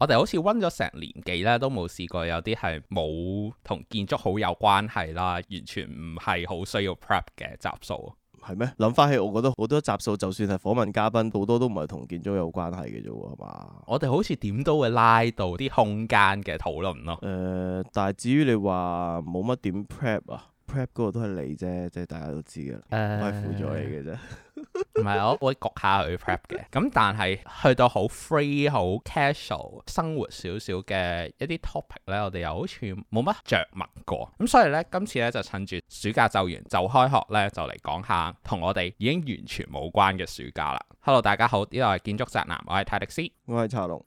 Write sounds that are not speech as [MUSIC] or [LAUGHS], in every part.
我哋好似溫咗成年幾咧，都冇試過有啲係冇同建築好有關係啦，完全唔係好需要 prep 嘅集數，係咩？諗翻起，我覺得好多集數就算係訪問嘉賓，好多都唔係同建築有關係嘅啫喎，係嘛？我哋好似點都會拉到啲空間嘅討論咯。誒、呃，但係至於你話冇乜點 prep 啊？prep 嗰個都係你啫，即係大家都知噶啦，uh, 我係輔助你嘅啫，唔 [LAUGHS] 係我會焗下佢 prep 嘅。咁 [LAUGHS] 但係去到好 free、好 casual 生活少少嘅一啲 topic 咧，我哋又好似冇乜着墨過。咁所以咧，今次咧就趁住暑假就完就開學咧，就嚟講下同我哋已經完全冇關嘅暑假啦。 [LAUGHS] Hello，大家好，呢度係建築宅男，我係泰迪斯，我係茶龍。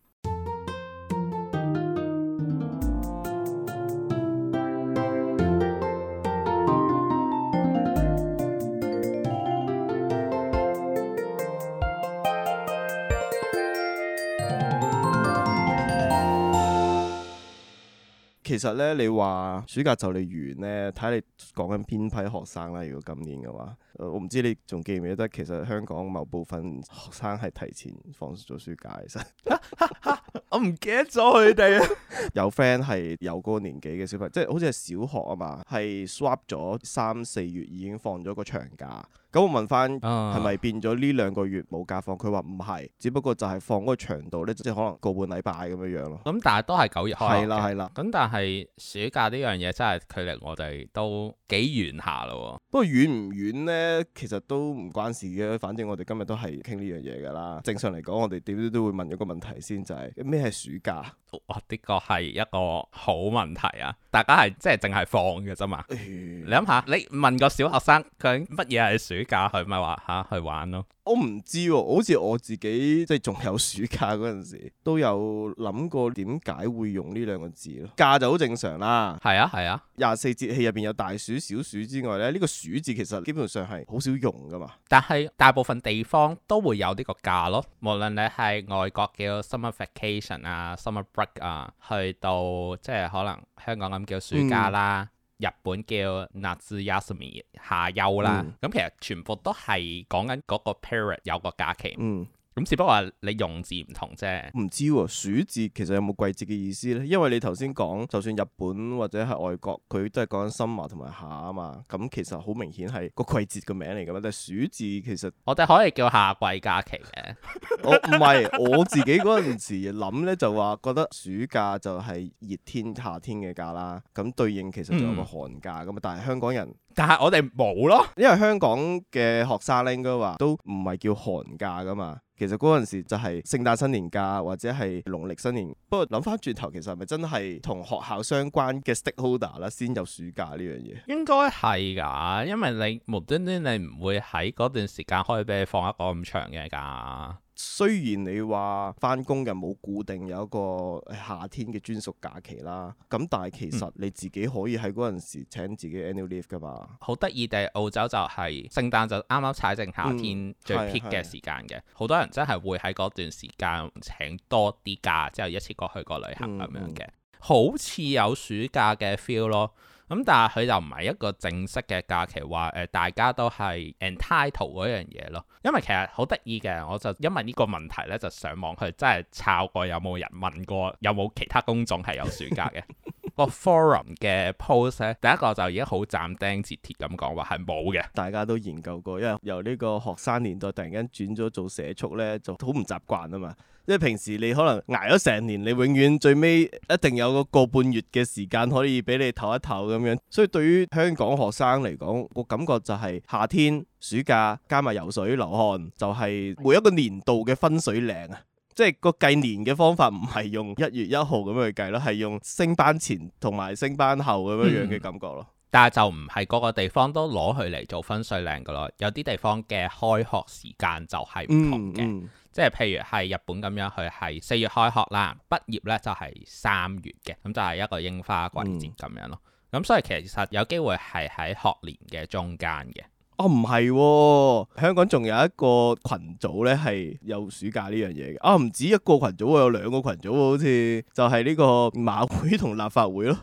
其實咧，你話暑假就嚟完咧，睇你講緊邊批學生啦。如果今年嘅話，呃、我唔知你仲記唔記得，其實香港某部分學生係提前放咗暑假。其實 [LAUGHS] [LAUGHS] [LAUGHS] 我唔記得咗佢哋。 [LAUGHS] [LAUGHS] 有 friend 係有嗰個年紀嘅小朋友，即係好似係小學啊嘛，係 swap 咗三四月已經放咗個長假。咁我問翻係咪變咗呢兩個月冇假放？佢話唔係，只不過就係放嗰個長度咧，即係可能個半禮拜咁樣樣咯。咁、嗯、但係都係九月開嘅。係啦，係啦。咁但係暑假、嗯、呢樣嘢真係距離我哋都幾遠下咯。不過遠唔遠咧，其實都唔關事嘅。反正我哋今日都係傾呢樣嘢㗎啦。正常嚟講，我哋點都都會問一個問題先，就係咩係暑假？哇！的確係一個好問題啊。大家係即係淨係放嘅啫嘛， [NOISE] 你諗下，你問個小學生佢乜嘢係暑假，佢咪話吓去玩咯。我唔知喎，好似我自己即係仲有暑假嗰陣時，都有諗過點解會用呢兩個字咯。假就好正常啦，係啊係啊。廿四節氣入邊有大暑、小暑之外咧，呢個暑字其實基本上係好少用噶嘛。但係大部分地方都會有呢個假咯，無論你係外國叫 summer vacation 啊、summer break 啊，去到即係可能香港咁叫暑假啦。嗯日本叫 umi，下、嗯、Natsuyasumi 夏休啦，咁其實全部都係講緊嗰個 parent 有個假期。嗯咁只不過你用字唔同啫，唔知喎、啊，暑字其實有冇季節嘅意思呢？因為你頭先講，就算日本或者係外國，佢都係講 summer 同埋夏啊嘛。咁其實好明顯係個季節嘅名嚟噶嘛。但係暑字其實我哋可以叫夏季假期嘅 [LAUGHS] [LAUGHS] 我唔係我自己嗰陣時諗呢，就話覺得暑假就係熱天夏天嘅假啦。咁對應其實就有個寒假咁啊。嗯、但係香港人，但係我哋冇咯，因為香港嘅學生應該話都唔係叫寒假噶嘛。其實嗰陣時就係聖誕新年假或者係農曆新年，不過諗翻轉頭，其實係咪真係同學校相關嘅 stakeholder 啦，先有暑假呢樣嘢？應該係噶，因為你無端端你唔會喺嗰段時間可以俾你放一個咁長嘅假。雖然你話翻工嘅冇固定有一個夏天嘅專屬假期啦，咁但係其實你自己可以喺嗰陣時請自己 annual leave 㗎嘛。好得意哋，澳洲就係聖誕就啱啱踩正夏天最 Peak 嘅時間嘅，好、嗯、多人真係會喺嗰段時間請多啲假之後一次過去個旅行咁、嗯、樣嘅，好似有暑假嘅 feel 咯。咁、嗯、但係佢就唔係一個正式嘅假期，話誒、呃、大家都係 entitled 嗰樣嘢咯。因為其實好得意嘅，我就因為呢個問題呢，就上網去真係抄過有冇人問過，有冇其他工種係有暑假嘅。 [LAUGHS] 個 forum 嘅 post 第一個就而家好斬釘截鐵咁講話係冇嘅。大家都研究過，因為由呢個學生年代突然間轉咗做社畜呢，就好唔習慣啊嘛。因為平時你可能挨咗成年，你永遠最尾一定有一個一個半月嘅時間可以俾你唞一唞咁樣。所以對於香港學生嚟講，個感覺就係夏天暑假加埋游水流汗，就係每一個年度嘅分水嶺啊。即係個計年嘅方法唔係用一月一號咁樣去計咯，係用升班前同埋升班後咁樣樣嘅感覺咯、嗯。但係就唔係個個地方都攞佢嚟做分水嶺嘅咯。有啲地方嘅開學時間就係唔同嘅，嗯嗯、即係譬如係日本咁樣，佢係四月開學啦，畢業咧就係三月嘅，咁就係一個櫻花季節咁樣咯。咁、嗯、所以其實有機會係喺學年嘅中間嘅。哦，唔係喎！香港仲有一個群組呢，係有暑假呢樣嘢嘅。啊，唔止一個群組喎，有兩個群組喎，好似就係呢個馬會同立法會咯。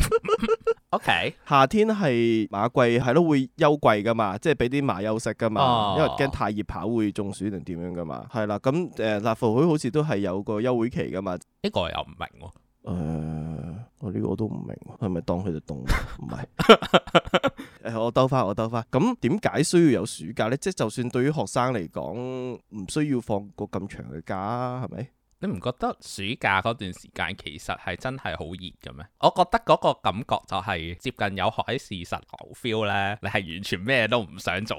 [LAUGHS] OK，夏天係馬季係都會休季噶嘛，即係俾啲馬休息噶嘛，oh. 因為驚太熱跑會中暑定點樣噶嘛。係啦，咁誒、呃、立法會好似都係有個休會期噶嘛。呢個又唔明喎、啊。誒、呃，我呢個我都唔明，係咪當佢哋凍？唔係，誒，我兜翻，我兜翻。咁點解需要有暑假咧？即係就算對於學生嚟講，唔需要放個咁長嘅假，係咪？你唔覺得暑假嗰段時間其實係真係好熱嘅咩？我覺得嗰個感覺就係接近有學啲事實 feel 咧，你係完全咩都唔想做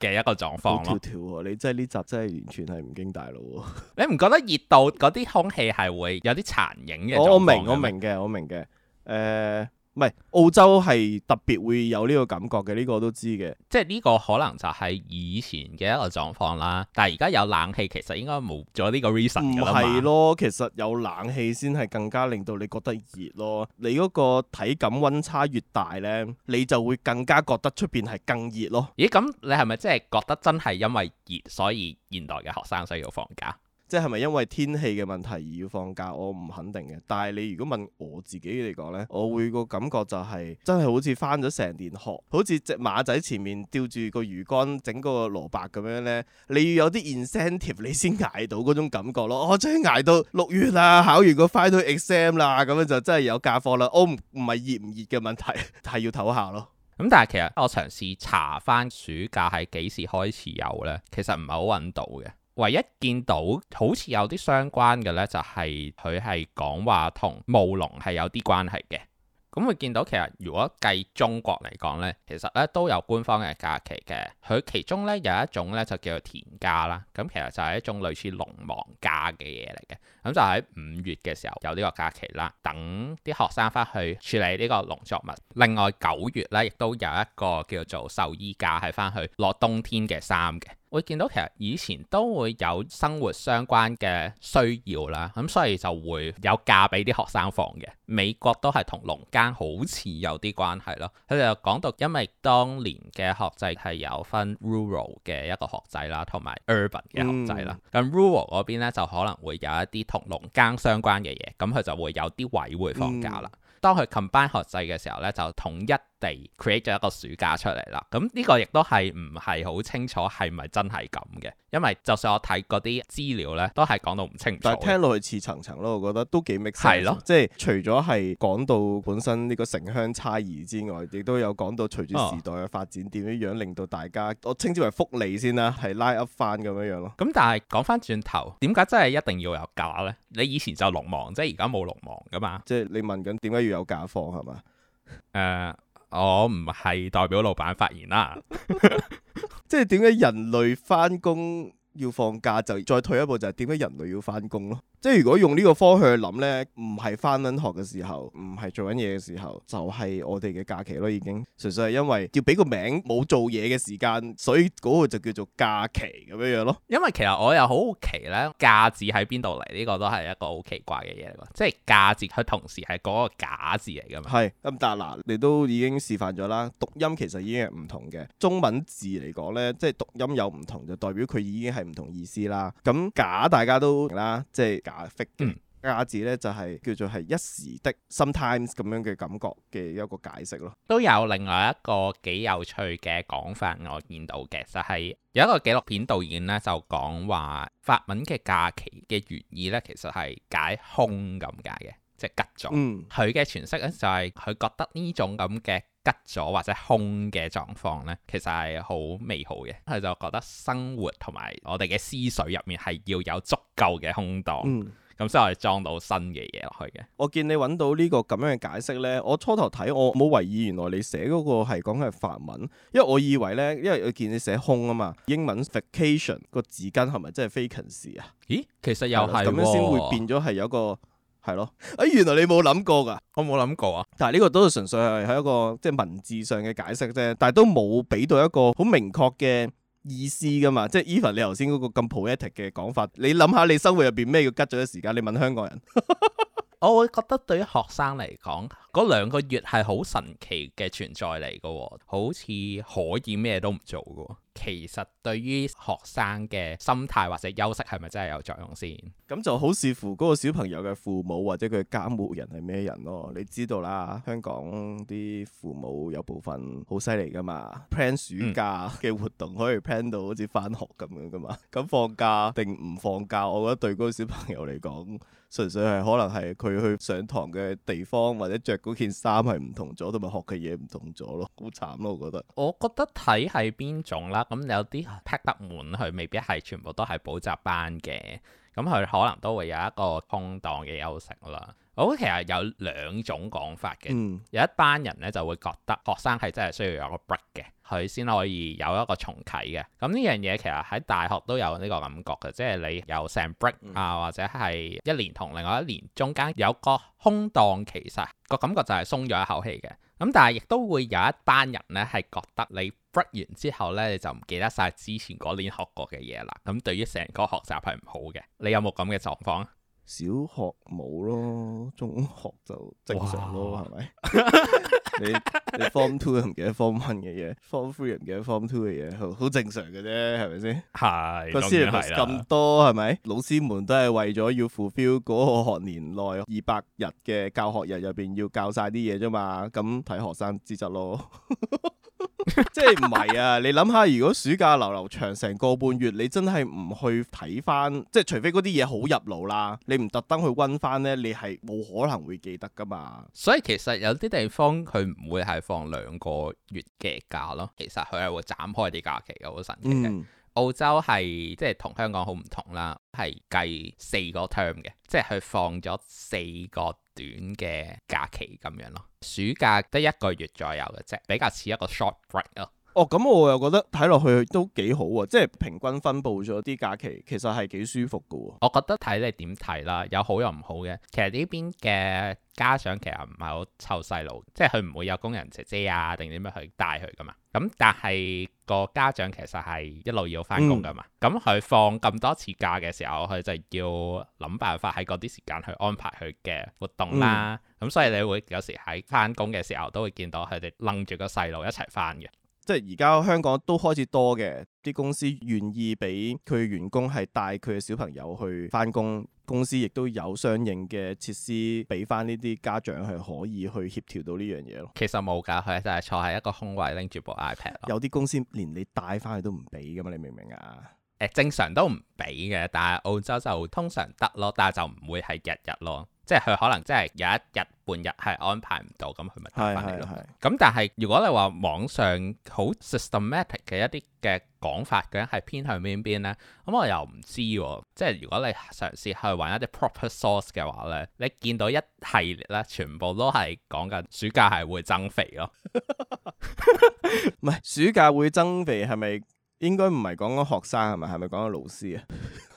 嘅一個狀況。哇，你好跳跳啊、你真係呢集真係完全係唔經大腦啊。 [LAUGHS] 你唔覺得熱到嗰啲空氣係會有啲殘影嘅？我我明，我明嘅，我明嘅。誒。Uh 唔係澳洲係特別會有呢個感覺嘅，呢個我都知嘅，即係呢個可能就係以前嘅一個狀況啦。但係而家有冷氣，其實應該冇咗呢個 reason 噶啦嘛。唔係咯，其實有冷氣先係更加令到你覺得熱咯。你嗰個體感温差越大呢，你就會更加覺得出邊係更熱咯。咦？咁你係咪即係覺得真係因為熱，所以現代嘅學生需要放假？即係，咪因為天氣嘅問題而要放假？我唔肯定嘅。但係你如果問我自己嚟講呢，我會個感覺就係、是、真係好似返咗成年學，好似隻馬仔前面吊住個魚竿整個蘿蔔咁樣呢。你要有啲 incentive，你先捱到嗰種感覺咯。我終於捱到六月啦，考完個 final exam 啦，咁樣就真係有假課啦。我唔唔係熱唔熱嘅問題，但係要唞下咯。咁但係其實我嘗試查返暑假係幾時開始有呢？其實唔係好揾到嘅。唯一見到好似有啲相關嘅呢，就係佢係講話同務農係有啲關係嘅。咁會見到其實如果計中國嚟講呢，其實咧都有官方嘅假期嘅。佢其中呢有一種呢，就叫做田假啦。咁其實就係一種類似農忙假嘅嘢嚟嘅。咁就喺五月嘅時候有呢個假期啦，等啲學生翻去處理呢個農作物。另外九月咧，亦都有一個叫做授衣假，係翻去落冬天嘅衫嘅。會見到其實以前都會有生活相關嘅需要啦，咁所以就會有假俾啲學生放嘅。美國都係同農間好似有啲關係咯。佢哋就講到，因為當年嘅學制係有分 rural 嘅一個學制啦，同埋 urban 嘅學制啦。咁 rural 嗰邊咧就可能會有一啲，同農耕相關嘅嘢，咁佢就會有啲位會放假啦。當佢 combine 學制嘅時候咧，就統一。地 create 咗一個暑假出嚟啦，咁呢個亦都係唔係好清楚係咪真係咁嘅？因為就算我睇嗰啲資料呢，都係講到唔清楚。但係聽落去似層層咯，我覺得都幾 mix。係咯，即係除咗係講到本身呢個城鄉差異之外，亦都有講到隨住時代嘅發展，點樣樣令到大家、哦、我稱之為福利先啦，係拉 up 翻，咁樣樣咯。咁但係講翻轉頭，點解真係一定要有假呢？你以前就農忙，即係而家冇農忙噶嘛？即係你問緊點解要有假放係嘛？誒。Uh 我唔係代表老闆發言啦， [LAUGHS] [LAUGHS] 即係點解人類返工要放假，就再退一步，就係點解人類要返工咯？即係如果用呢個科學去諗呢，唔係翻緊學嘅時候，唔係做緊嘢嘅時候，就係、是、我哋嘅假期咯。已經純粹係因為要俾個名冇做嘢嘅時間，所以嗰個就叫做假期咁樣樣咯。因為其實我又好好奇呢，假字喺邊度嚟？呢、這個都係一個好奇怪嘅嘢嚟。即係假字佢同時係嗰個假字嚟㗎嘛。係咁、嗯，但係嗱，你都已經示範咗啦，讀音其實已經係唔同嘅。中文字嚟講呢，即係讀音有唔同，就代表佢已經係唔同意思啦。咁假大家都明啦，即係。解釋嘅假字咧，就係叫做係一時的，sometimes 咁樣嘅感覺嘅一個解釋咯。都有另外一個幾有趣嘅講法，我見到嘅就係、是、有一個紀錄片導演咧，就講話法文嘅假期嘅原意咧，其實係解空咁解嘅，即係吉咗。佢嘅詮釋咧，就係、是、佢覺得呢種咁嘅。拮咗或者空嘅狀況呢，其實係好美好嘅。佢就覺得生活同埋我哋嘅思緒入面係要有足夠嘅空檔，咁先可以裝到新嘅嘢落去嘅。我見你揾到呢個咁樣嘅解釋呢，我初頭睇，我冇懷疑，原來你寫嗰個係講緊係法文，因為我以為呢，因為我見你寫空啊嘛，英文 vacation、嗰個字根係咪真係 vacancy 啊？咦，其實又係咁樣先會變咗係有一個。係咯，誒，原來你冇諗過噶，我冇諗過啊。但係呢個都係純粹係喺一個即係、就是、文字上嘅解釋啫，但係都冇俾到一個好明確嘅意思噶嘛。即係 Eva 你頭先嗰個咁 poetic 嘅講法，你諗下你生活入邊咩叫吉咗嘅時間，你問香港人， [LAUGHS] 我會覺得對於學生嚟講，嗰兩個月係好神奇嘅存在嚟噶、哦，好似可以咩都唔做噶。其實對於學生嘅心態或者休息係咪真係有作用先？咁就好視乎嗰個小朋友嘅父母或者佢監護人係咩人咯。你知道啦，香港啲父母有部分好犀利噶嘛，plan 暑假嘅活動可以 plan 到好似返學咁樣噶嘛。咁、嗯、 [LAUGHS] 放假定唔放假，我覺得對嗰個小朋友嚟講，純粹係可能係佢去上堂嘅地方或者着嗰件衫係唔同咗，同埋學嘅嘢唔同咗咯，好慘咯，我覺得。我覺得睇係邊種啦。咁有啲 pack 得滿，佢未必係全部都係補習班嘅，咁佢可能都會有一個空檔嘅休息啦。好， [NOISE] 其實有兩種講法嘅，有一班人咧就會覺得學生係真係需要有個 break 嘅。佢先可以有一個重啟嘅，咁呢樣嘢其實喺大學都有呢個感覺嘅，即係你有成 break 啊，或者係一年同另外一年中間有個空檔，其實個感覺就係鬆咗一口氣嘅。咁但係亦都會有一班人呢，係覺得你 break 完之後呢，你就唔記得晒之前嗰年學過嘅嘢啦。咁對於成個學習係唔好嘅，你有冇咁嘅狀況？小學冇咯，中學就正常咯，係咪哇？ [LAUGHS] 你你 form two 又唔記得 form one 嘅嘢，form three 又唔記得 form two 嘅嘢，好好正常嘅啫，係咪先？係當然係啦。咁多係咪？老師們都係為咗要 fulfil 嗰個學年內二百日嘅教學日入邊要教晒啲嘢啫嘛，咁睇學生資質咯。 [LAUGHS] [LAUGHS] 即係唔係啊？ [LAUGHS] 你諗下，如果暑假流流長成個半月，你真係唔去睇翻，即係除非嗰啲嘢好入腦啦，你唔特登去溫翻呢，你係冇可能會記得噶嘛。所以其實有啲地方佢唔會係放兩個月嘅假咯，其實佢係會斬開啲假期嘅，好神奇嘅。嗯、澳洲係即係同香港好唔同啦，係計四個 term 嘅，即係佢放咗四個。短嘅假期咁樣咯，暑假得一個月左右嘅啫，比較似一個 short break 咯。哦，咁我又覺得睇落去都幾好啊！即係平均分佈咗啲假期，其實係幾舒服噶喎、啊。我覺得睇你點睇啦，有好又唔好嘅。其實呢邊嘅家長其實唔係好湊細路，即係佢唔會有工人姐姐啊定點樣去帶佢噶嘛。咁但係個家長其實係一路要翻工噶嘛。咁佢、嗯、放咁多次假嘅時候，佢就要諗辦法喺嗰啲時間去安排佢嘅活動啦。咁、嗯、所以你會有時喺翻工嘅時候都會見到佢哋擸住個細路一齊翻嘅。即係而家香港都開始多嘅啲公司願意俾佢員工係帶佢嘅小朋友去翻工，公司亦都有相應嘅設施俾翻呢啲家長係可以去協調到呢樣嘢咯。其實冇㗎，佢就係坐喺一個空位拎住部 iPad。有啲公司連你帶翻去都唔俾噶嘛，你明唔明啊？誒，正常都唔俾嘅，但係澳洲就通常得咯，但係就唔會係日日咯。即係佢可能真係有一日半日係安排唔到，咁佢咪翻嚟咯。咁 [MUSIC] 但係如果你話網上好 systematic 嘅一啲嘅講法，究竟係偏向邊邊呢？咁我又唔知、啊。即係如果你嘗試去揾一啲 proper source 嘅話呢，你見到一系列呢，全部都係講緊暑假係會增肥咯、啊。唔 [LAUGHS] 係 [LAUGHS] 暑假會增肥，係咪？應該唔係講緊學生係咪？係咪講緊老師啊？ [LAUGHS]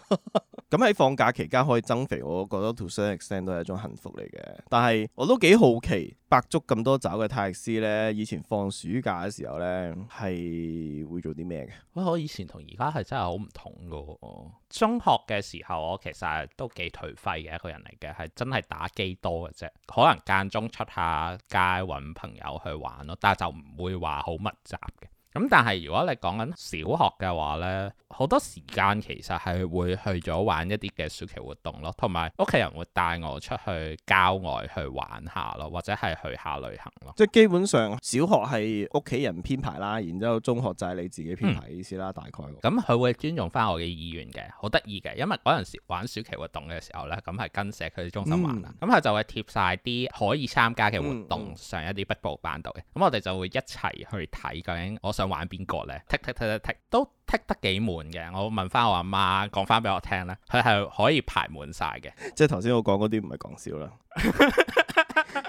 咁喺、 [LAUGHS] 嗯、放假期間可以增肥，我覺得 to some extent 都係一種幸福嚟嘅。但係我都幾好奇，百足咁多爪嘅泰勒斯呢，以前放暑假嘅時候呢，係會做啲咩嘅？喂！我以前同而家係真係好唔同噶。中學嘅時候，我其實都幾頹廢嘅一個人嚟嘅，係真係打機多嘅啫。可能間中出下街揾朋友去玩咯，但係就唔會話好密集嘅。咁但係如果你講緊小學嘅話咧，好多時間其實係會去咗玩一啲嘅暑期活動咯，同埋屋企人會帶我出去郊外去玩下咯，或者係去下旅行咯。即係基本上小學係屋企人編排啦，然之後中學就係你自己編排嘅意思啦，嗯、大概。咁佢、嗯嗯嗯、會尊重翻我嘅意願嘅，好得意嘅，因為嗰陣時玩暑期活動嘅時候咧，咁係跟社區中心玩，啦、嗯，咁佢就會貼曬啲可以參加嘅活動、嗯、上一啲北部班度嘅，咁我哋就會一齊去睇究竟我玩邊個咧？踢踢踢踢踢都。踢得幾悶嘅，我問翻我阿媽講翻俾我聽咧，佢係可以排滿晒嘅。即係頭先我講嗰啲唔係講笑啦。 [LAUGHS]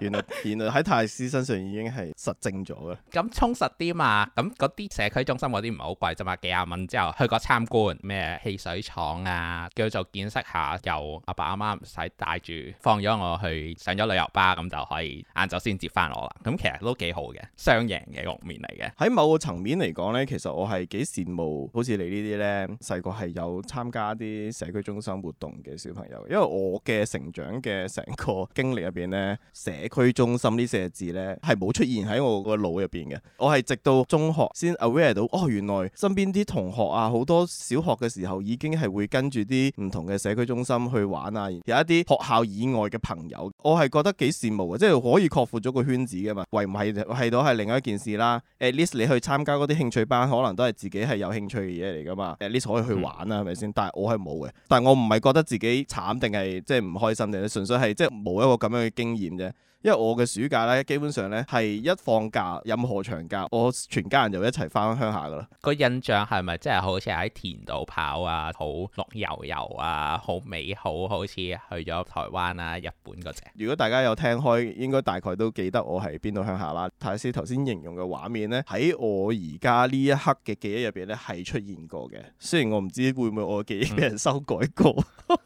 原來原來喺泰斯身上已經係實證咗嘅。咁、嗯、充實啲嘛，咁嗰啲社區中心嗰啲唔係好貴啫嘛，幾廿蚊之後去個參觀咩汽水廠啊，叫做見識下，又阿爸阿媽唔使帶住，放咗我去上咗旅遊巴，咁就可以晏晝先接翻我啦。咁其實都幾好嘅，雙贏嘅局面嚟嘅。喺某個層面嚟講咧，其實我係幾羨慕。好似你呢啲咧，細個係有參加啲社區中心活動嘅小朋友，因為我嘅成長嘅成個經歷入邊咧，社區中心呢四個字咧係冇出現喺我個腦入邊嘅。我係直到中學先 aware 到，哦，原來身邊啲同學啊，好多小學嘅時候已經係會跟住啲唔同嘅社區中心去玩啊，有一啲學校以外嘅朋友，我係覺得幾羨慕嘅，即係可以擴闊咗個圈子㗎嘛。唯唔係，係到係另外一件事啦。At least 你去參加嗰啲興趣班，可能都係自己係有興趣。佢嘢嚟噶嘛？誒最少可以去玩啦，係咪先？但係我係冇嘅。但係我唔係覺得自己慘定係即係唔開心定，純粹係即係冇一個咁樣嘅經驗啫。因為我嘅暑假咧，基本上咧係一放假，任何長假，我全家人就一齊翻鄉下噶啦。個印象係咪真係好似喺田度跑啊，好綠油油啊，好美好，好似去咗台灣啊、日本嗰隻？如果大家有聽開，應該大概都記得我喺邊度鄉下啦。泰師頭先形容嘅畫面咧，喺我而家呢一刻嘅記憶入邊咧係出現過嘅。雖然我唔知會唔會我嘅記憶俾人修改過。嗯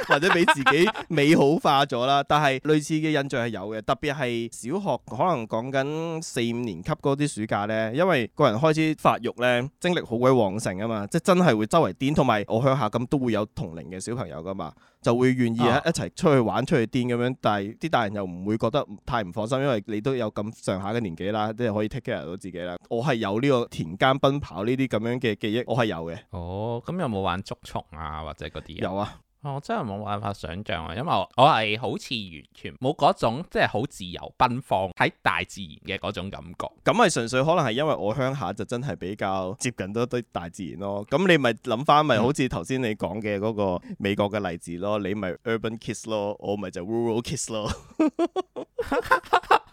[LAUGHS] [LAUGHS] 或者俾自己美好化咗啦，但係類似嘅印象係有嘅，特別係小學可能講緊四五年級嗰啲暑假呢，因為個人開始發育呢，精力好鬼旺盛啊嘛，即係真係會周圍癲，同埋我鄉下咁都會有同齡嘅小朋友噶嘛，就會願意一齊出去玩，啊，出去癲咁樣，但係啲大人又唔會覺得太唔放心，因為你都有咁上下嘅年紀啦，即係可以 take care 到自己啦。我係有呢個田間奔跑呢啲咁樣嘅記憶，我係有嘅。哦，咁有冇玩捉蟲啊或者嗰啲，啊？有啊。我真係冇辦法想象啊，因為我我係好似完全冇嗰種即係好自由奔放喺大自然嘅嗰種感覺。咁咪純粹可能係因為我鄉下就真係比較接近多啲大自然咯。咁你咪諗翻咪好似頭先你講嘅嗰個美國嘅例子咯，你咪 urban kiss 咯，我咪就 rural kiss 咯。 [LAUGHS] [LAUGHS] 咁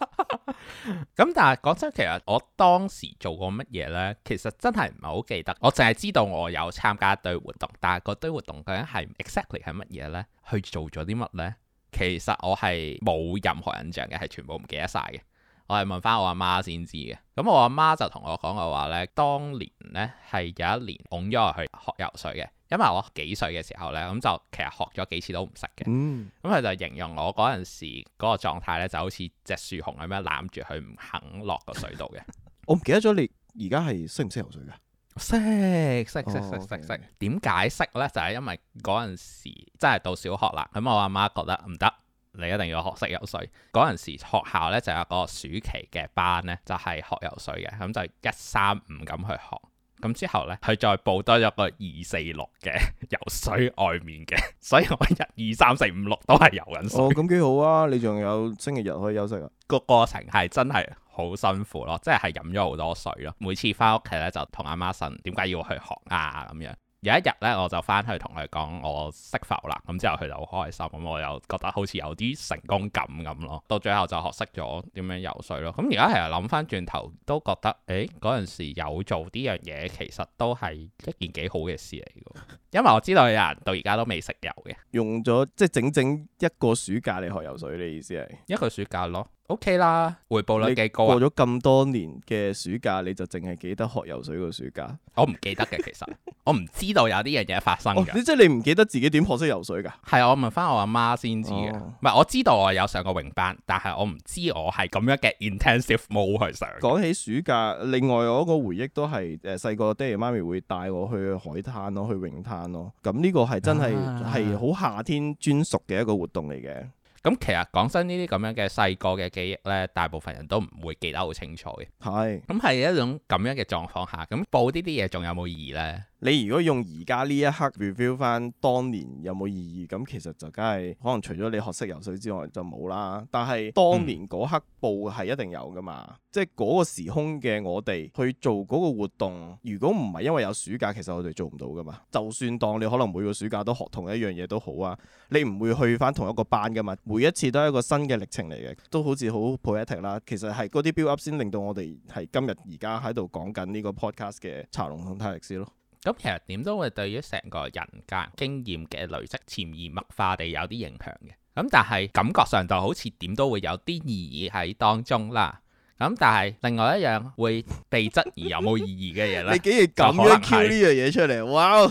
[LAUGHS] 但係講真，其實我當時做過乜嘢呢？其實真係唔係好記得，我淨係知道我有參加一堆活動，但係嗰堆活動究竟係 exactly 係乜嘢呢？去做咗啲乜呢？其實我係冇任何印象嘅，係全部唔記得晒嘅。我係問翻我阿媽先知嘅，咁我阿媽就同我講嘅話呢，當年呢係有一年㧬咗入去學游水嘅，因為我幾歲嘅時候呢，咁就其實學咗幾次都唔識嘅。嗯，咁佢就形容我嗰陣時嗰個狀態呢，就好似隻樹熊咁樣攬住佢唔肯落個水度嘅。 [LAUGHS] 我唔記得咗你而家係識唔識游水㗎？識識識識識識。點解識呢？就係、是、因為嗰陣時真係到小學啦，咁我阿媽覺得唔得。你一定要學識游水。嗰陣時學校呢就有個暑期嘅班呢就係學游水嘅。咁就一三五咁去學。咁之後呢，佢再報多一個二四六嘅游水外面嘅。所以我一二三四五六都係游緊水。哦，咁幾好啊！你仲有星期日可以休息啊？個過程係真係好辛苦咯，即係飲咗好多水咯。每次翻屋企呢，就同阿媽問點解要去學啊咁樣。有一日咧，我就翻去同佢講我識浮啦，咁之後佢就好開心，咁我又覺得好似有啲成功感咁咯。到最後就學識咗點樣游水咯。咁而家係諗翻轉頭，都覺得誒嗰陣時有做呢樣嘢，其實都係一件幾好嘅事嚟嘅。 [LAUGHS] 因為我知道有人到而家都未識游嘅，用咗即係整整一個暑假嚟學游水，你意思係一個暑假咯？OK 啦，回報率幾高、啊。過咗咁多年嘅暑假，你就淨係記得學游水個暑假？我唔記得嘅，其實 [LAUGHS] 我唔知道有啲樣嘢發生嘅。哦、即你即係你唔記得自己點學識游水噶？係啊，我問翻我阿媽先知嘅。唔係、哦，我知道我有上過泳班，但係我唔知我係咁樣嘅 intensive mode 去上。講起暑假，另外我個回憶都係誒，細、呃、個爹哋媽咪會帶我去海灘咯，去泳灘。咯，咁呢個係真係係好夏天專屬嘅一個活動嚟嘅。咁、啊、其實講真，呢啲咁樣嘅細個嘅記憶呢，大部分人都唔會記得好清楚嘅。係是，咁係一種咁樣嘅狀況下，咁報呢啲嘢仲有冇意義呢？你如果用而家呢一刻 review 翻當年有冇意義咁，其實就梗係可能除咗你學識游水之外就冇啦。但係當年嗰刻報係一定有噶嘛，嗯、即係嗰個時空嘅我哋去做嗰個活動，如果唔係因為有暑假，其實我哋做唔到噶嘛。就算當你可能每個暑假都學同一樣嘢都好啊，你唔會去翻同一個班噶嘛。每一次都係一個新嘅歷程嚟嘅，都好似好 poetic 啦。其實係嗰啲 build up 先令到我哋係今日而家喺度講緊呢個 podcast 嘅茶龍同泰歷史咯。咁其實點都會對於成個人間經驗嘅累積潛移默化地有啲影響嘅，咁但係感覺上就好似點都會有啲意義喺當中啦。咁但係另外一樣會被質疑有冇意義嘅嘢咧，你竟然咁樣 cue 呢樣嘢出嚟，哇！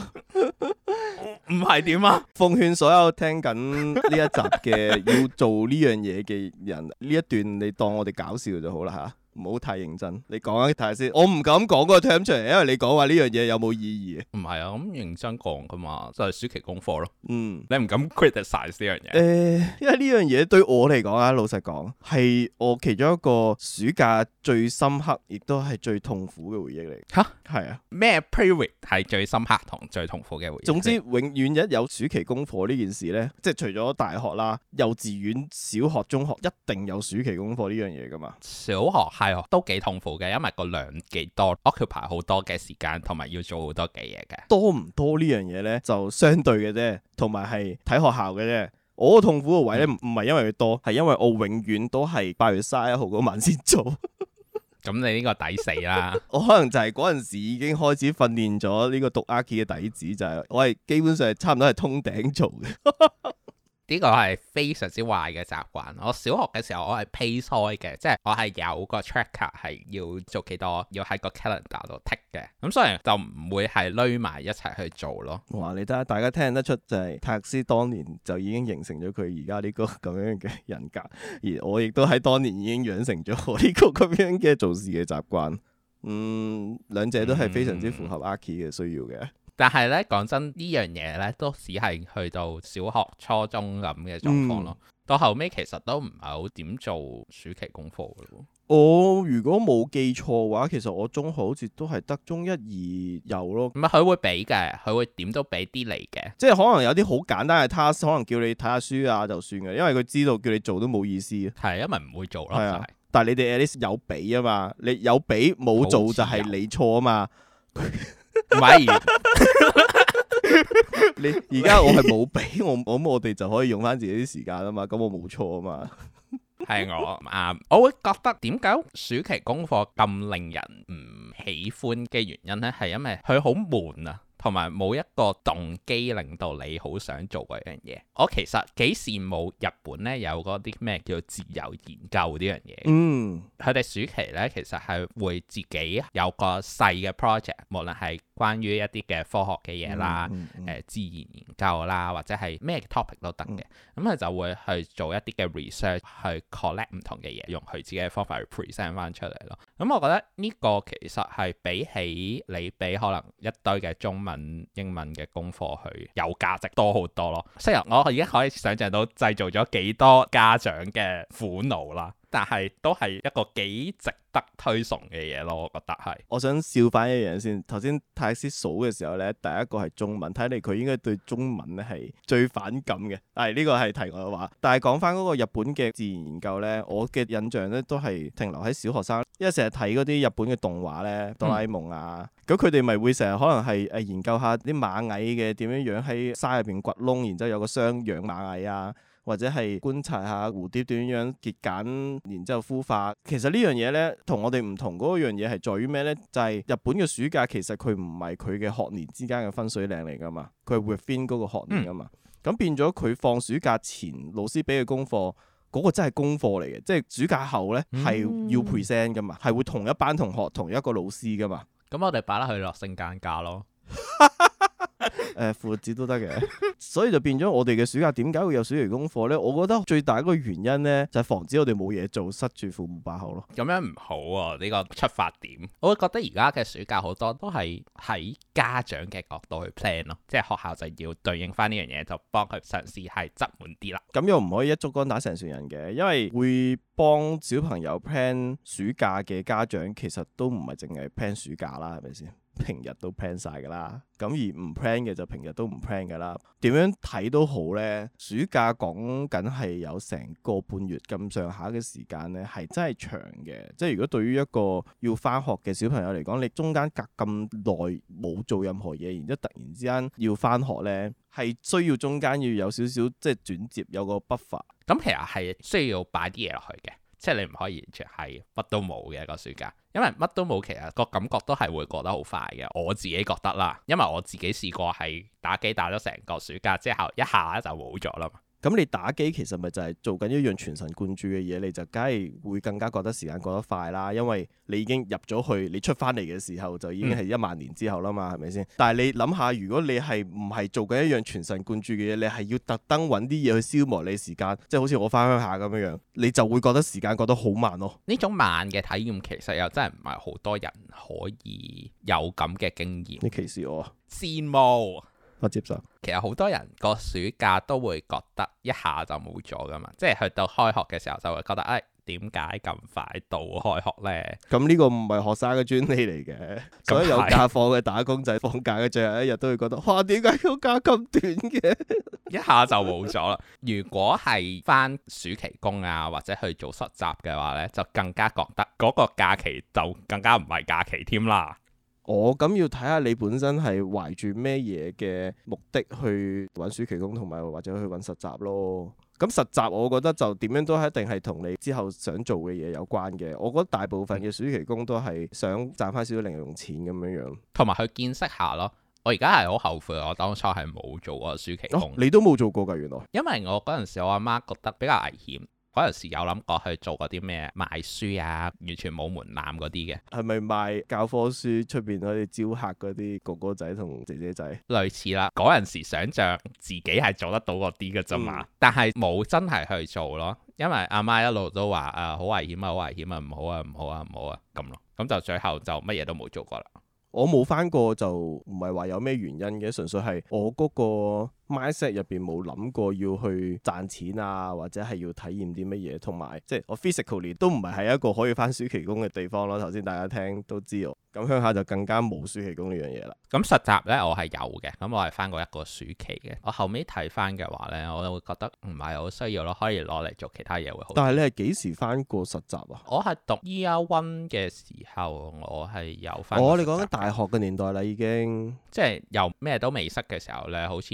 唔係點啊？奉勸所有聽緊呢一集嘅要做呢樣嘢嘅人，呢 [LAUGHS] 一段你當我哋搞笑就好啦嚇。唔好太認真，你講一睇下先。我唔敢講個 term 出嚟，因為你講話呢樣嘢有冇意義？唔係啊，咁認真講噶嘛，就係、是、暑期功課咯。嗯，你唔敢 criticise 呢樣嘢？誒、欸，因為呢樣嘢對我嚟講啊，老實講，係我其中一個暑假最深刻，亦都係最痛苦嘅回憶嚟。吓哈，係啊，咩 private 係最深刻同最痛苦嘅回憶？總之，永遠一有暑期功課呢件事呢，即係除咗大學啦、幼稚園、小學、中學，一定有暑期功課呢樣嘢噶嘛？小學。係，都幾痛苦嘅，因為個量幾多，occupy 好多嘅時間，同埋要做好多嘅嘢嘅。多唔多呢樣嘢呢？就相對嘅啫，同埋係睇學校嘅啫。我痛苦嘅位呢，唔唔係因為佢多，係因為我永遠都係八月三十一號嗰晚先做。咁 [LAUGHS] 你呢個抵死啦！ [LAUGHS] 我可能就係嗰陣時已經開始訓練咗呢個讀 Arch 嘅底子，就係、是、我係基本上係差唔多係通頂做嘅。 [LAUGHS] 呢個係非常之壞嘅習慣。我小學嘅時候，我係 pay 嘅，即係我係有個 tracker 係要做幾多，要喺個 calendar 度 tick 嘅。咁、嗯、所以就唔會係攏埋一齊去做咯。哇！你得，大家聽得出就係、是、泰斯當年就已經形成咗佢而家呢個咁樣嘅人格，而我亦都喺當年已經養成咗呢、這個咁樣嘅做事嘅習慣。嗯，兩者都係非常之符合阿 k i 嘅需要嘅。嗯。但係咧，講真呢樣嘢咧，都只係去到小學、初中咁嘅狀況咯。嗯、到後尾其實都唔係好點做暑期功課嘅。我、哦、如果冇記錯嘅話，其實我中學好似都係得中一二有咯。唔係佢會俾嘅，佢會點都俾啲嚟嘅。即係可能有啲好簡單嘅 task，可能叫你睇下書啊就算嘅，因為佢知道叫你做都冇意思。係，因為唔會做咯。的就是、但係你哋有俾啊嘛，你有俾冇做就係你錯啊嘛。 [LAUGHS] 唔係 [LAUGHS] 你而家我係冇俾我咁，我哋就可以用翻自己啲時間啊嘛。咁我冇錯啊嘛，係 [LAUGHS] 我啱，嗯。我會覺得點解暑期功課咁令人唔喜歡嘅原因咧，係因為佢好悶啊，同埋冇一個動機令到你好想做嗰樣嘢。我其實幾羨慕日本咧，有嗰啲咩叫做自由研究呢樣嘢。嗯，佢哋暑期咧，其實係會自己有個細嘅 project，無論係。關於一啲嘅科學嘅嘢啦，誒、嗯嗯呃、自然研究啦，或者係咩 topic 都得嘅，咁、嗯、佢、嗯、就會去做一啲嘅 research，去 collect 唔同嘅嘢，用佢自己嘅方法去 present 翻出嚟咯。咁我覺得呢個其實係比起你俾可能一堆嘅中文英文嘅功課去有價值多好多咯。雖然我而家可以想像到製造咗幾多家長嘅苦惱啦。但係都係一個幾值得推崇嘅嘢咯，我覺得係。我想笑返一樣先，頭先泰斯數嘅時候咧，第一個係中文，睇嚟佢應該對中文咧係最反感嘅。但係呢個係題外話。但係講翻嗰個日本嘅自然研究咧，我嘅印象咧都係停留喺小學生，因為成日睇嗰啲日本嘅動畫咧，哆啦 A 夢啊，咁佢哋咪會成日可能係誒研究一下啲螞蟻嘅點樣養喺沙入邊掘窿，然之後有個箱養螞蟻啊。或者係觀察下蝴蝶點樣結繭，然之後孵化。其實呢樣嘢呢，我同我哋唔同嗰樣嘢係在於咩呢？就係、是、日本嘅暑假其實佢唔係佢嘅學年之間嘅分水嶺嚟噶嘛，佢係 within 嗰個學年噶嘛。咁、嗯、變咗佢放暑假前老師俾佢功課嗰、那個真係功課嚟嘅，即係暑假後呢，係、嗯、要 present 噶嘛，係會同一班同學同一個老師噶嘛。咁我哋擺啦佢落聖誕假咯。 [LAUGHS] 誒、 [LAUGHS] 呃，父子都得嘅， [LAUGHS] 所以就變咗我哋嘅暑假點解會有暑期功課呢？我覺得最大嗰個原因呢，就係、是、防止我哋冇嘢做，塞住父母把口咯。咁樣唔好啊，呢、這個出發點。我會覺得而家嘅暑假好多都係喺家長嘅角度去 plan 咯，即係學校就要對應翻呢樣嘢，就幫佢嘗試係執滿啲啦。咁又唔可以一竹竿打成船人嘅，因為會幫小朋友 plan 暑假嘅家長，其實都唔係淨係 plan 暑假啦，係咪先？平日都 plan 晒噶啦，咁而唔 plan 嘅就平日都唔 plan 噶啦。點樣睇都好咧，暑假講緊係有成個半月咁上下嘅時間咧，係真係長嘅。即係如果對於一個要翻學嘅小朋友嚟講，你中間隔咁耐冇做任何嘢，然之後突然之間要翻學咧，係需要中間要有少少即係轉接，有個 buffer。咁其實係需要擺啲嘢落去嘅。即係你唔可以完全係乜都冇嘅個暑假，因為乜都冇，其實個感覺都係會過得好快嘅。我自己覺得啦，因為我自己試過係打機打咗成個暑假之後，一下就冇咗啦嘛。咁你打機其實咪就係做緊一樣全神貫注嘅嘢，你就梗係會更加覺得時間過得快啦，因為你已經入咗去，你出翻嚟嘅時候就已經係一萬年之後啦嘛，係咪先？但係你諗下，如果你係唔係做緊一樣全神貫注嘅嘢，你係要特登揾啲嘢去消磨你時間，即係好似我翻鄉下咁樣樣，你就會覺得時間過得好慢咯。呢種慢嘅體驗其實又真係唔係好多人可以有咁嘅經驗。你歧視我？羨慕。我接受。其實好多人個暑假都會覺得一下就冇咗噶嘛，即係去到開學嘅時候就會覺得，誒點解咁快到開學呢？咁呢個唔係學生嘅專利嚟嘅，所以有假放嘅打工仔放假嘅最後一日都會覺得，哇點解個假咁短嘅？ [LAUGHS] 一下就冇咗啦。如果係返暑期工啊，或者去做實習嘅話呢，就更加覺得嗰個假期就更加唔係假期添啦。我咁要睇下你本身係懷住咩嘢嘅目的去搵暑期工，同埋或者去搵實習咯。咁實習我覺得就點樣都係一定係同你之後想做嘅嘢有關嘅。我覺得大部分嘅暑期工都係想賺翻少少零用錢咁樣樣，同埋去見識下咯。我而家係好後悔，我當初係冇做過暑期工。啊、你都冇做過噶，原來？因為我嗰陣時，我阿媽覺得比較危險。嗰陣時有諗過去做嗰啲咩賣書啊，完全冇門檻嗰啲嘅。係咪賣教科書出邊可以招客嗰啲哥哥仔同姐姐仔？類似啦，嗰陣時想象自己係做得到嗰啲嘅啫嘛，嗯啊、但係冇真係去做咯，因為阿媽一路都話啊好危險啊，好危險啊，唔好啊，唔好啊，唔好啊咁、啊啊、咯。咁就最後就乜嘢都冇做過啦。我冇翻過就唔係話有咩原因嘅，純粹係我嗰個。Mindset 入邊冇諗過要去賺錢啊，或者係要體驗啲乜嘢，同埋即係我 physically 都唔係喺一個可以翻暑期工嘅地方咯、啊。頭先大家聽都知道我，咁鄉下就更加冇暑期工呢樣嘢啦。咁實習呢，我係有嘅，咁我係翻過一個暑期嘅。我後尾睇翻嘅話呢，我就會覺得唔係好需要咯，可以攞嚟做其他嘢會好。但係你係幾時翻過實習啊？我係讀 year one 嘅時候，我係有翻。我哋講緊大學嘅年代啦，已經即係由咩都未識嘅時候呢，好似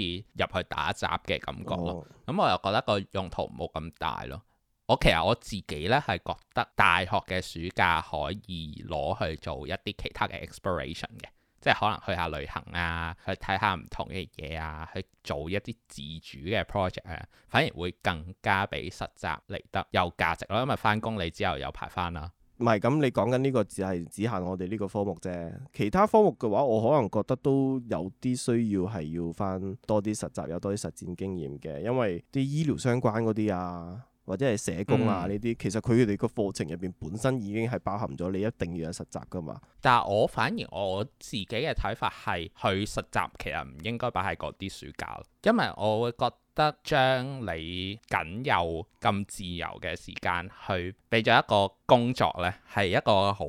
去打雜嘅感覺咯，咁、哦、我又覺得個用途冇咁大咯。我其實我自己咧係覺得，大學嘅暑假可以攞去做一啲其他嘅 exploration 嘅，即係可能去下旅行啊，去睇下唔同嘅嘢啊，去做一啲自主嘅 project 啊，反而會更加比實習嚟得有價值咯、啊。因為翻工你之後有排翻啦。唔係咁，你講緊呢個只係只限我哋呢個科目啫。其他科目嘅話，我可能覺得都有啲需要係要翻多啲實習，有多啲實踐經驗嘅，因為啲醫療相關嗰啲啊。或者係社工啊呢啲、嗯，其實佢哋個課程入邊本身已經係包含咗你一定要有實習噶嘛。但係我反而我自己嘅睇法係，去實習其實唔應該擺喺嗰啲暑假，因為我會覺得將你僅有咁自由嘅時間去俾咗一個工作呢係一個好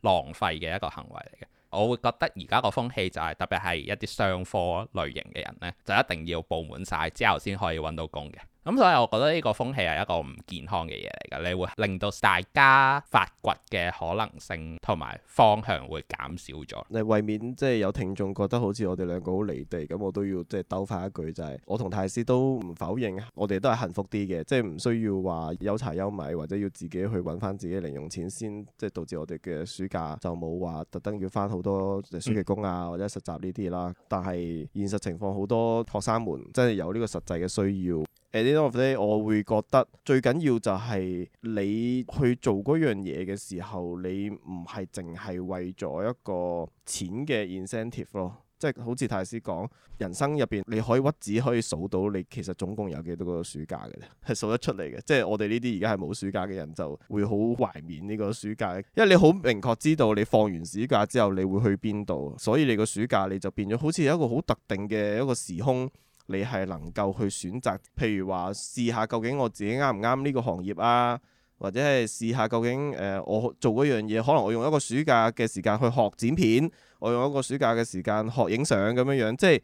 浪費嘅一個行為嚟嘅。我會覺得而家個風氣就係、是、特別係一啲商科類型嘅人呢，就一定要佈滿晒之後先可以揾到工嘅。咁所以，我覺得呢個風氣係一個唔健康嘅嘢嚟㗎，你會令到大家發掘嘅可能性同埋方向會減少咗。你為免即係有聽眾覺得好似我哋兩個好離地，咁我都要即係兜翻一句就係、是，我同太斯都唔否認，我哋都係幸福啲嘅，即係唔需要話憂柴憂米或者要自己去揾翻自己零用錢先，即係導致我哋嘅暑假就冇話特登要返好多暑期工啊、嗯、或者實習呢啲啦。但係現實情況好多學生們真係有呢個實際嘅需要。一啲我會覺得最緊要就係你去做嗰樣嘢嘅時候，你唔係淨係為咗一個錢嘅 incentive 咯，即係好似泰師講，人生入邊你可以屈指可以數到你其實總共有幾多個暑假嘅啫，係數得出嚟嘅。即係我哋呢啲而家係冇暑假嘅人，就會好懷念呢個暑假，因為你好明確知道你放完暑假之後你會去邊度，所以你個暑假你就變咗好似有一個好特定嘅一個時空。你係能夠去選擇，譬如話試下究竟我自己啱唔啱呢個行業啊，或者係試下究竟誒、呃、我做嗰樣嘢，可能我用一個暑假嘅時間去學剪片，我用一個暑假嘅時間學影相咁樣樣，即係。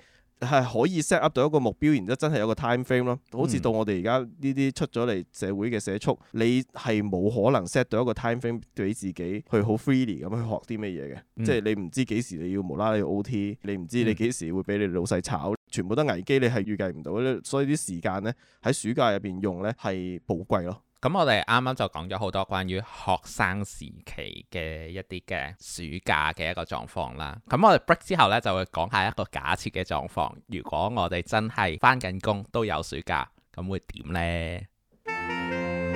係可以 set up 到一個目標，然之後真係有個 time frame 咯。嗯、好似到我哋而家呢啲出咗嚟社會嘅社畜，你係冇可能 set 到一個 time frame 俾自己去好 freely 咁去學啲咩嘢嘅。嗯、即係你唔知幾時你要無啦啦要 OT，你唔知你幾時會俾你老細炒，嗯、全部都係危機，你係預計唔到。所以啲時間咧喺暑假入邊用咧係寶貴咯。咁我哋啱啱就講咗好多關於學生時期嘅一啲嘅暑假嘅一個狀況啦。咁我哋 break 之後呢，就會講下一個假設嘅狀況，如果我哋真係翻緊工都有暑假，咁會點呢？ [MUSIC]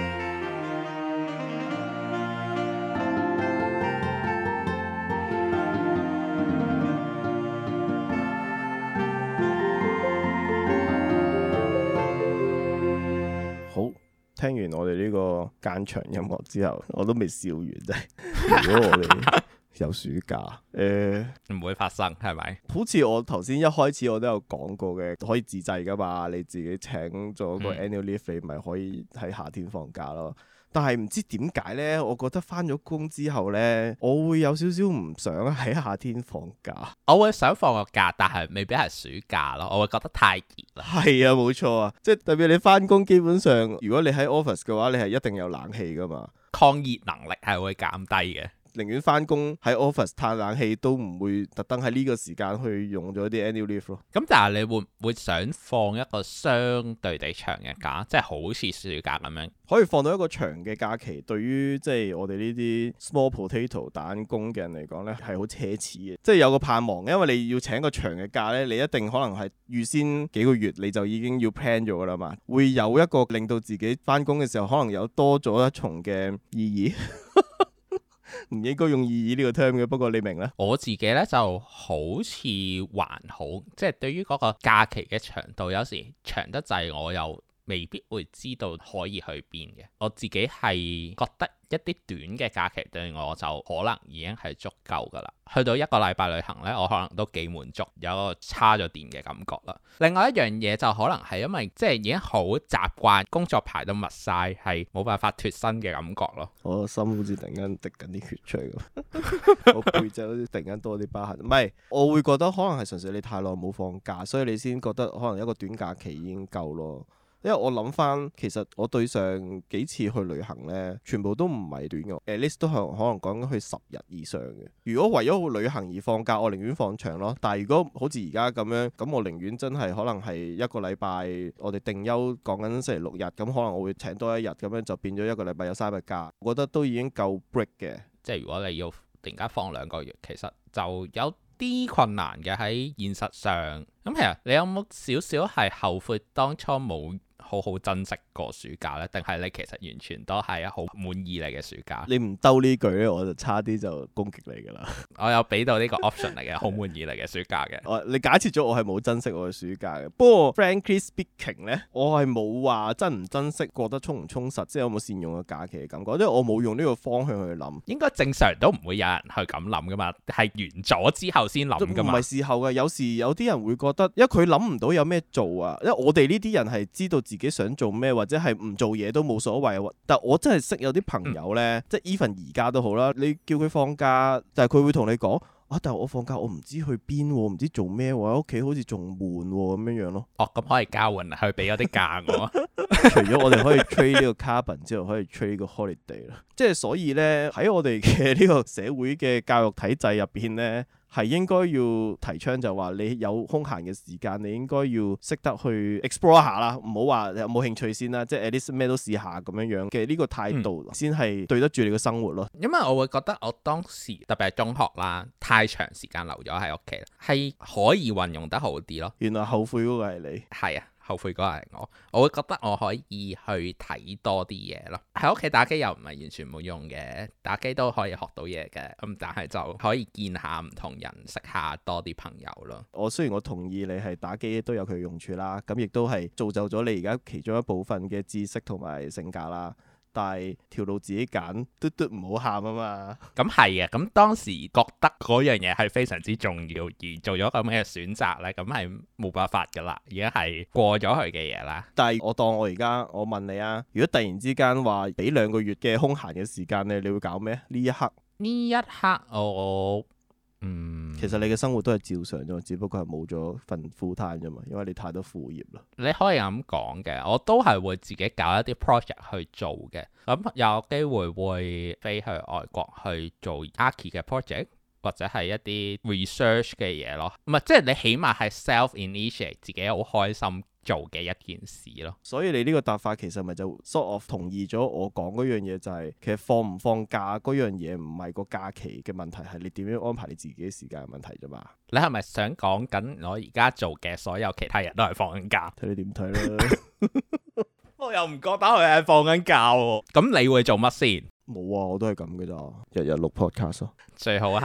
聽完我哋呢個間場音樂之後，我都未笑完啫。 [LAUGHS] 如果我哋有暑假，誒、 [LAUGHS] 呃，唔會發生係咪？好似我頭先一開始我都有講過嘅，可以自製噶嘛？你自己請咗個 annual leave，咪可以喺夏天放假咯。但係唔知點解呢，我覺得翻咗工之後呢，我會有少少唔想喺夏天放假。我會想放個假，但係未必係暑假咯。我會覺得太熱啦。係啊，冇錯啊，即係特別你翻工，基本上如果你喺 office 嘅話，你係一定有冷氣噶嘛，抗熱能力係會減低嘅。寧願翻工喺 office 嘆冷氣，都唔會特登喺呢個時間去用咗啲 annual leave 咯。咁、嗯、但係你會唔會想放一個相對地長嘅假，即係好似暑假咁樣，可以放到一個長嘅假期？對於即係我哋呢啲 small potato 打緊工嘅人嚟講呢，係好奢侈嘅。即係有個盼望，因為你要請個長嘅假呢，你一定可能係預先幾個月你就已經要 plan 咗噶啦嘛。會有一個令到自己翻工嘅時候，可能有多咗一重嘅意義。 [LAUGHS] 唔應該用意義呢個 term 嘅，不過你明啦，我自己呢就好似還好，即係對於嗰個假期嘅長度，有時長得滯我又，未必會知道可以去邊嘅，我自己係覺得一啲短嘅假期對我就可能已經係足夠噶啦。去到一個禮拜旅行呢，我可能都幾滿足，有個差咗電嘅感覺啦。另外一樣嘢就可能係因為即係已經好習慣工作排到密晒，係冇辦法脫身嘅感覺咯。我個心好似突然間滴緊啲血出嚟噉。 [LAUGHS] [LAUGHS] 我背脊好似突然間多啲疤痕。唔係，我會覺得可能係純粹你太耐冇放假，所以你先覺得可能一個短假期已經夠咯。因為我諗翻，其實我對上幾次去旅行呢，全部都唔係短嘅，at least 都係可能講緊去十日以上嘅。如果為咗去旅行而放假，我寧願放長咯。但係如果好似而家咁樣，咁我寧願真係可能係一個禮拜，我哋定休講緊星期六日，咁可能我會請多一日，咁樣就變咗一個禮拜有三日假。我覺得都已經夠 break 嘅。即係如果你要突然間放兩個月，其實就有啲困難嘅喺現實上。咁其實你有冇少少係後悔當初冇？好好珍惜個暑假咧，定係你其實完全都係好滿意你嘅暑假？你唔兜呢句咧，我就差啲就攻擊你㗎啦。 [LAUGHS] 我有俾到呢個 option 嚟嘅，好 [LAUGHS] 滿意你嘅暑假嘅。我你假設咗我係冇珍惜我嘅暑假嘅，不過 Frankly speaking 咧，我係冇話珍唔珍惜，過得充唔充實，即係有冇善用嘅假期嘅感覺，即係我冇用呢個方向去諗。應該正常都唔會有人去咁諗㗎嘛，係完咗之後先諗㗎嘛。唔係事後嘅，有時有啲人會覺得，因為佢諗唔到有咩做啊，因為我哋呢啲人係知道自自己想做咩，或者係唔做嘢都冇所謂。但我真係識有啲朋友呢，嗯、即係 even 而家都好啦。你叫佢放假，但係佢會同你講啊，但係我放假我唔知去邊，唔知做咩，喺屋企好似仲悶咁樣樣咯。哦，咁可以交換 [LAUGHS] 去俾嗰啲假我。 [LAUGHS] 除咗我哋可以吹呢個 carbon 之外，可以吹呢個 holiday 咯。 [LAUGHS] 即係所以呢，喺我哋嘅呢個社會嘅教育體制入邊呢。係應該要提倡就話，你有空閒嘅時間，你應該要識得去 explore 下啦，唔好話有冇興趣先啦，即係 at least 咩都試下咁樣樣嘅呢個態度先係、嗯、對得住你嘅生活咯。因為我會覺得我當時特別係中學啦，太長時間留咗喺屋企，係可以運用得好啲咯。原來後悔嗰個係你，係啊。後悔嗰日係我，我會覺得我可以去睇多啲嘢咯。喺屋企打機又唔係完全冇用嘅，打機都可以學到嘢嘅。咁但係就可以見下唔同人，識下多啲朋友咯。我雖然我同意你係打機都有佢用處啦，咁亦都係造就咗你而家其中一部分嘅知識同埋性格啦。但係條路自己揀，嘟嘟唔好喊啊嘛！咁係啊，咁、嗯、當時覺得嗰樣嘢係非常之重要，而做咗咁嘅選擇啦，咁係冇辦法噶啦，而家係過咗去嘅嘢啦。但係我當我而家我問你啊，如果突然之間話俾兩個月嘅空閒嘅時間咧，你會搞咩？呢一刻，呢一刻哦，哦。嗯，其實你嘅生活都係照常咗，只不過係冇咗份 full time 啫嘛，因為你太多副業啦。你可以咁講嘅，我都係會自己搞一啲 project 去做嘅。咁、嗯、有機會會飛去外國去做 arch 嘅 project，或者係一啲 research 嘅嘢咯。唔係，即係你起碼係 self-initiate，自己好開心。做嘅一件事咯，所以你呢個答法其實咪就 sort of 同意咗我講嗰樣嘢，就係其實放唔放假嗰樣嘢唔係個假期嘅問題，係你點樣安排你自己時間嘅問題啫嘛。你係咪想講緊我而家做嘅所有其他人都係放假？睇你點睇啦。我又唔覺得放，佢係放緊假。咁你會做乜先？冇啊，我都係咁嘅咋，日日錄 podcast、啊、最好係誒，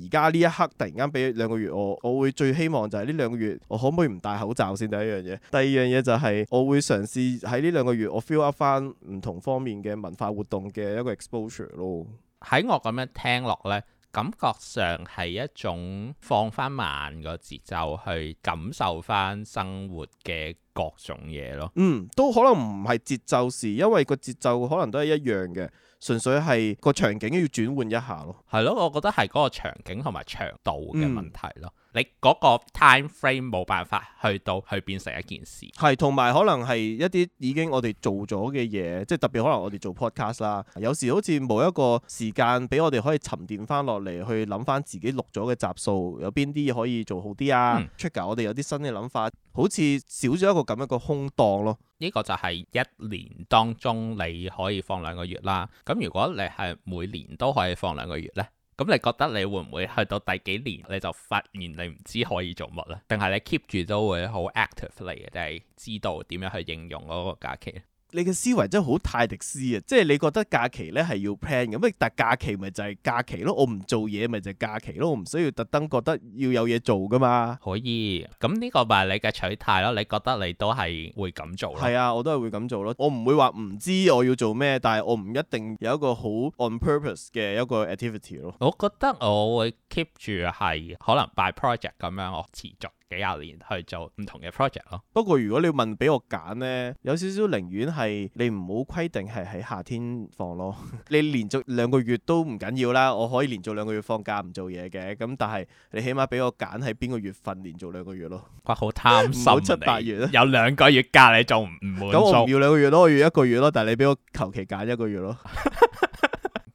而家呢一刻突然間俾兩個月我，我會最希望就係呢兩個月，我可唔可以唔戴口罩先？第一樣嘢，第二樣嘢就係、是、我會嘗試喺呢兩個月，我 feel up 翻唔同方面嘅文化活動嘅一個 exposure 咯。喺我咁樣聽落呢，感覺上係一種放翻慢個節奏去感受翻生活嘅。各種嘢咯，嗯，都可能唔係節奏時，因為個節奏可能都係一樣嘅，純粹係個場景要轉換一下咯。係咯，嗯，我覺得係嗰個場景同埋長度嘅問題咯。你嗰個 time frame 冇辦法去到去變成一件事，係同埋可能係一啲已經我哋做咗嘅嘢，即係特別可能我哋做 podcast 啦，有時好似冇一個時間俾我哋可以沉澱翻落嚟，去諗翻自己錄咗嘅集數有邊啲可以做好啲啊？出噶、嗯，我哋有啲新嘅諗法，好似少咗一個咁樣嘅空檔咯。呢個就係一年當中你可以放兩個月啦。咁如果你係每年都可以放兩個月呢？咁你覺得你會唔會去到第幾年你就發現你唔知可以做乜咧？定係你 keep 住都會好 actively 定係、就是、知道點樣去應用嗰個假期？你嘅思維真係好泰迪斯啊！即係你覺得假期咧係要 plan 嘅，但假期咪就係假期咯。我唔做嘢咪就係假期咯，我唔需要特登覺得要有嘢做噶嘛。可以，咁呢個咪係你嘅取態咯。你覺得你都係會咁做咯？係啊，我都係會咁做咯。我唔會話唔知我要做咩，但係我唔一定有一個好 on purpose 嘅一個 activity 咯。我覺得我會 keep 住係可能 by project 咁樣我持續。幾廿年去做唔同嘅 project 咯。不過如果你問俾我揀呢，有少少寧願係你唔好規定係喺夏天放咯。 [LAUGHS] 你連續兩個月都唔緊要啦，我可以連續兩個月放假唔做嘢嘅。咁但係你起碼俾我揀喺邊個月份連續兩個月咯。哇，好貪心 [LAUGHS] 七八月， [LAUGHS] 有兩個月假你仲唔滿足？咁我唔要兩個月咯，我要一個月咯。但係你俾我求其揀一個月咯。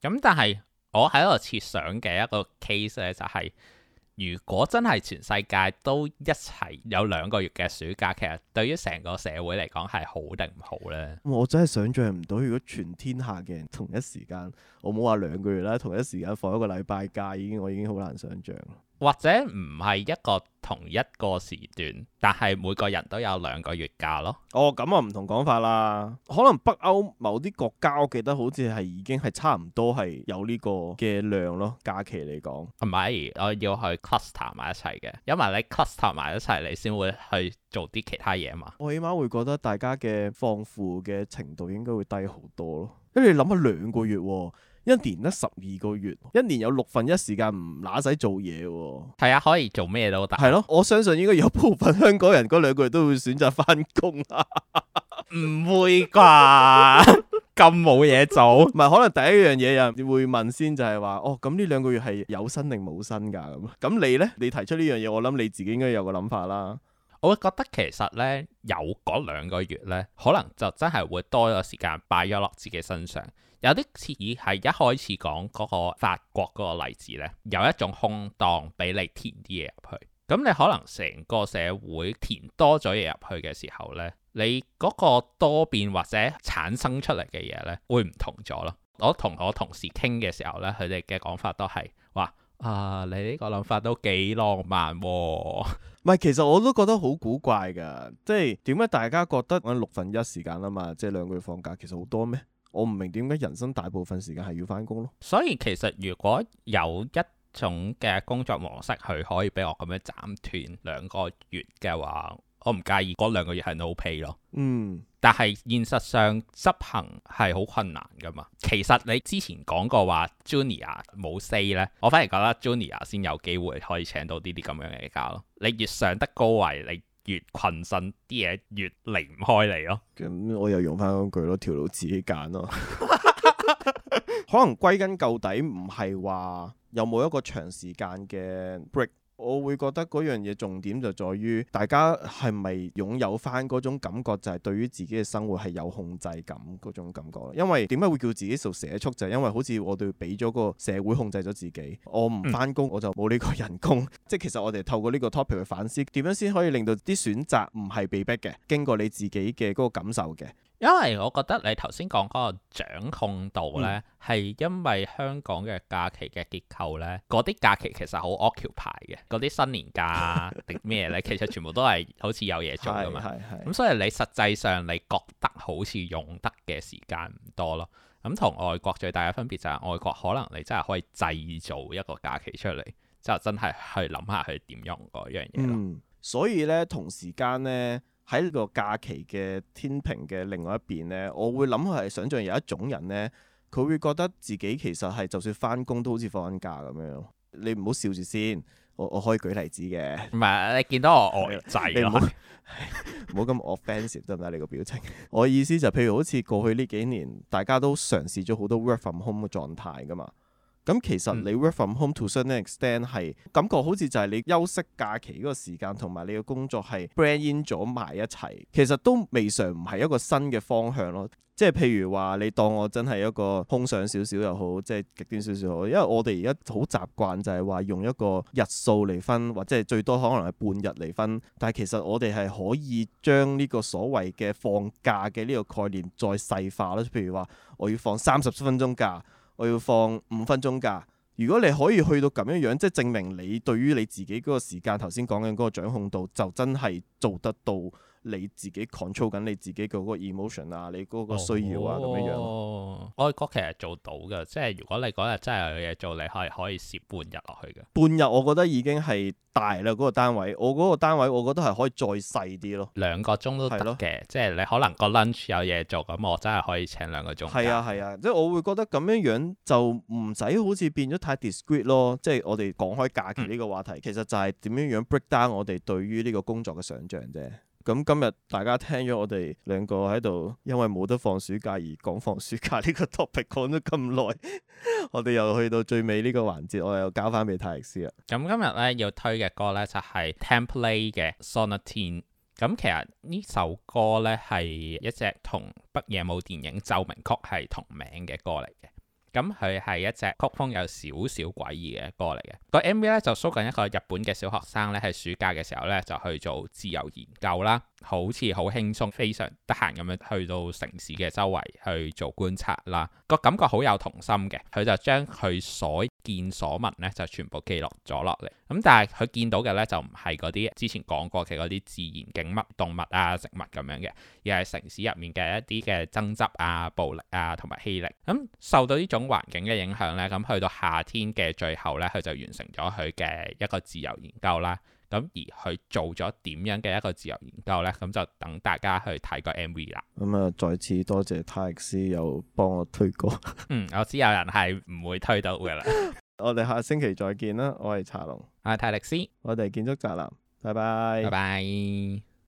咁 [LAUGHS] [LAUGHS] 但係我喺度設想嘅一個 case 咧，就係、是。如果真係全世界都一齊有兩個月嘅暑假，其實對於成個社會嚟講係好定唔好呢？我真係想像唔到，如果全天下嘅人同一時間，我冇話兩個月啦，同一時間放一個禮拜假，已經我已經好難想像。或者唔係一個同一個時段，但係每個人都有兩個月假咯。哦，咁啊唔同講法啦。可能北歐某啲國家，我記得好似係已經係差唔多係有呢個嘅量咯，假期嚟講。唔係，我要去 cluster 埋一齊嘅，因為你 cluster 埋一齊，你先會去做啲其他嘢嘛。我起碼會覺得大家嘅放負嘅程度應該會低好多咯。因為你諗下兩個月。一年得十二個月，一年有六分一時間唔使做嘢，係啊，可以做咩都得。係咯，我相信應該有部分香港人嗰兩個月都會選擇翻工啊，唔 [LAUGHS] 會啩？咁冇嘢做，唔係 [LAUGHS] 可能第一樣嘢人會問先就，就係話哦，咁呢兩個月係有薪定冇薪噶？咁咁你呢？你提出呢樣嘢，我諗你自己應該有個諗法啦。我覺得其實呢，有嗰兩個月呢，可能就真係會多咗時間擺咗落自己身上。有啲詞語係一開始講嗰個法國嗰個例子呢，有一種空檔俾你填啲嘢入去。咁你可能成個社會填多咗嘢入去嘅時候呢，你嗰個多變或者產生出嚟嘅嘢呢，會唔同咗咯。我同我同事傾嘅時候呢，佢哋嘅講法都係話，啊，你呢個諗法都幾浪漫喎，哦。唔係，其實我都覺得好古怪㗎。即係點解大家覺得我六分一時間啊嘛，即係兩個月放假，其實好多咩？我唔明點解人生大部分時間係要翻工咯。所以其實如果有一種嘅工作模式，佢可以俾我咁樣斬斷兩個月嘅話，我唔介意嗰兩個月係 no pay 咯。嗯。但係現實上執行係好困難噶嘛。其實你之前講過話 Junior 冇 say 呢，我反而覺得 Junior 先有機會可以請到呢啲咁樣嘅假咯。你越上得高位，你越困身啲嘢，越離唔開你咯，咁、嗯、我又用翻句咯，條路自己揀咯， [LAUGHS] [LAUGHS] 可能歸根究底唔係話有冇一個長時間嘅 break。我會覺得嗰樣嘢重點就在於大家係咪擁有翻嗰種感覺，就係對於自己嘅生活係有控制感嗰種感覺。因為點解會叫自己做社畜？就係因為好似我哋俾咗個社會控制咗自己，我唔翻工我就冇呢個人工。嗯、 [LAUGHS] 即係其實我哋透過呢個 topic 去反思點樣先可以令到啲選擇唔係被逼嘅，經過你自己嘅嗰個感受嘅。因為我覺得你頭先講嗰個掌控度呢，係、嗯、因為香港嘅假期嘅結構呢，嗰啲假期其實好 occupy 嘅，嗰啲新年假定咩呢？ [LAUGHS] 其實全部都係好似有嘢做㗎嘛，咁 [LAUGHS] 所以你實際上你覺得好似用得嘅時間唔多咯。咁同外國最大嘅分別就係外國可能你真係可以製造一個假期出嚟，之後就真係去諗下佢點用嗰樣嘢咯、嗯。所以呢，同時間呢。喺呢個假期嘅天平嘅另外一邊呢，我會諗佢係想象有一種人呢，佢會覺得自己其實係就算翻工都好似放緊假咁樣。你唔好笑住先，我我可以舉例子嘅。唔係，你見到我呆滯啊？你唔好咁 offensive 得唔得？ [LAUGHS] 你個表情。 [LAUGHS] [LAUGHS] 我意思就譬如好似過去呢幾年，大家都嘗試咗好多 work from home 嘅狀態噶嘛。咁其實你 work from home to certain extent 係感覺好似就係你休息假期嗰個時間同埋你嘅工作係 bring in 咗埋一齊，其實都未嘗唔係一個新嘅方向咯。即係譬如話，你當我真係一個空想少少又好，即係極端少少好，因為我哋而家好習慣就係話用一個日數嚟分，或者係最多可能係半日嚟分。但係其實我哋係可以將呢個所謂嘅放假嘅呢個概念再細化咯。譬如話，我要放三十分鐘假。我要放五分鐘假。如果你可以去到咁樣樣，即係證明你對於你自己嗰個時間頭先講緊嗰個掌控度，就真係做得到。你自己 control 緊你自己嗰個 emotion 啊，你嗰個需要啊咁、哦哦、樣樣。我覺得其實做到嘅，即係如果你嗰日真係有嘢做，你係可以蝕半日落去嘅。半日我覺得已經係大啦嗰、那個單位，我嗰個單位我覺得係可以再細啲咯。兩個鐘都得嘅，的即係你可能個 lunch 有嘢做，咁我真係可以請兩個鐘。係啊係啊，即係我會覺得咁樣樣就唔使好似變咗太 discreet 咯。即係我哋講開假期呢個話題，嗯、其實就係點樣樣 break down 我哋對於呢個工作嘅想像啫。咁今日大家聽咗我哋兩個喺度，因為冇得放暑假而講放暑假呢個 topic 講咗咁耐，我哋又去到最尾呢個環節，我又交翻俾泰力斯啦。咁今日咧要推嘅歌咧就係、是、Tempalay 嘅 Sonatine。咁其實呢首歌咧係一隻同北野武》電影《奏鳴曲》係同名嘅歌嚟嘅。咁佢係一隻曲風有少少詭異嘅歌嚟嘅，個 MV 咧就 show 緊一個日本嘅小學生咧，喺暑假嘅時候咧就去做自由研究啦。好似好輕鬆，非常得閒咁樣去到城市嘅周圍去做觀察啦，個感覺好有童心嘅。佢就將佢所見所聞呢就全部記錄咗落嚟。咁但係佢見到嘅呢就唔係嗰啲之前講過嘅嗰啲自然景物、動物啊、植物咁樣嘅，而係城市入面嘅一啲嘅爭執啊、暴力啊同埋欺凌。咁受到呢種環境嘅影響呢，咁去到夏天嘅最後呢，佢就完成咗佢嘅一個自由研究啦。咁而去做咗點樣嘅一個自由研究呢？咁就等大家去睇個 MV 啦。咁啊，再次多謝泰力斯有幫我推歌，嗯，我知有人係唔會推到嘅啦。我哋下星期再見啦。我係茶龍，我係泰力斯，我哋建築宅男，拜拜。拜拜。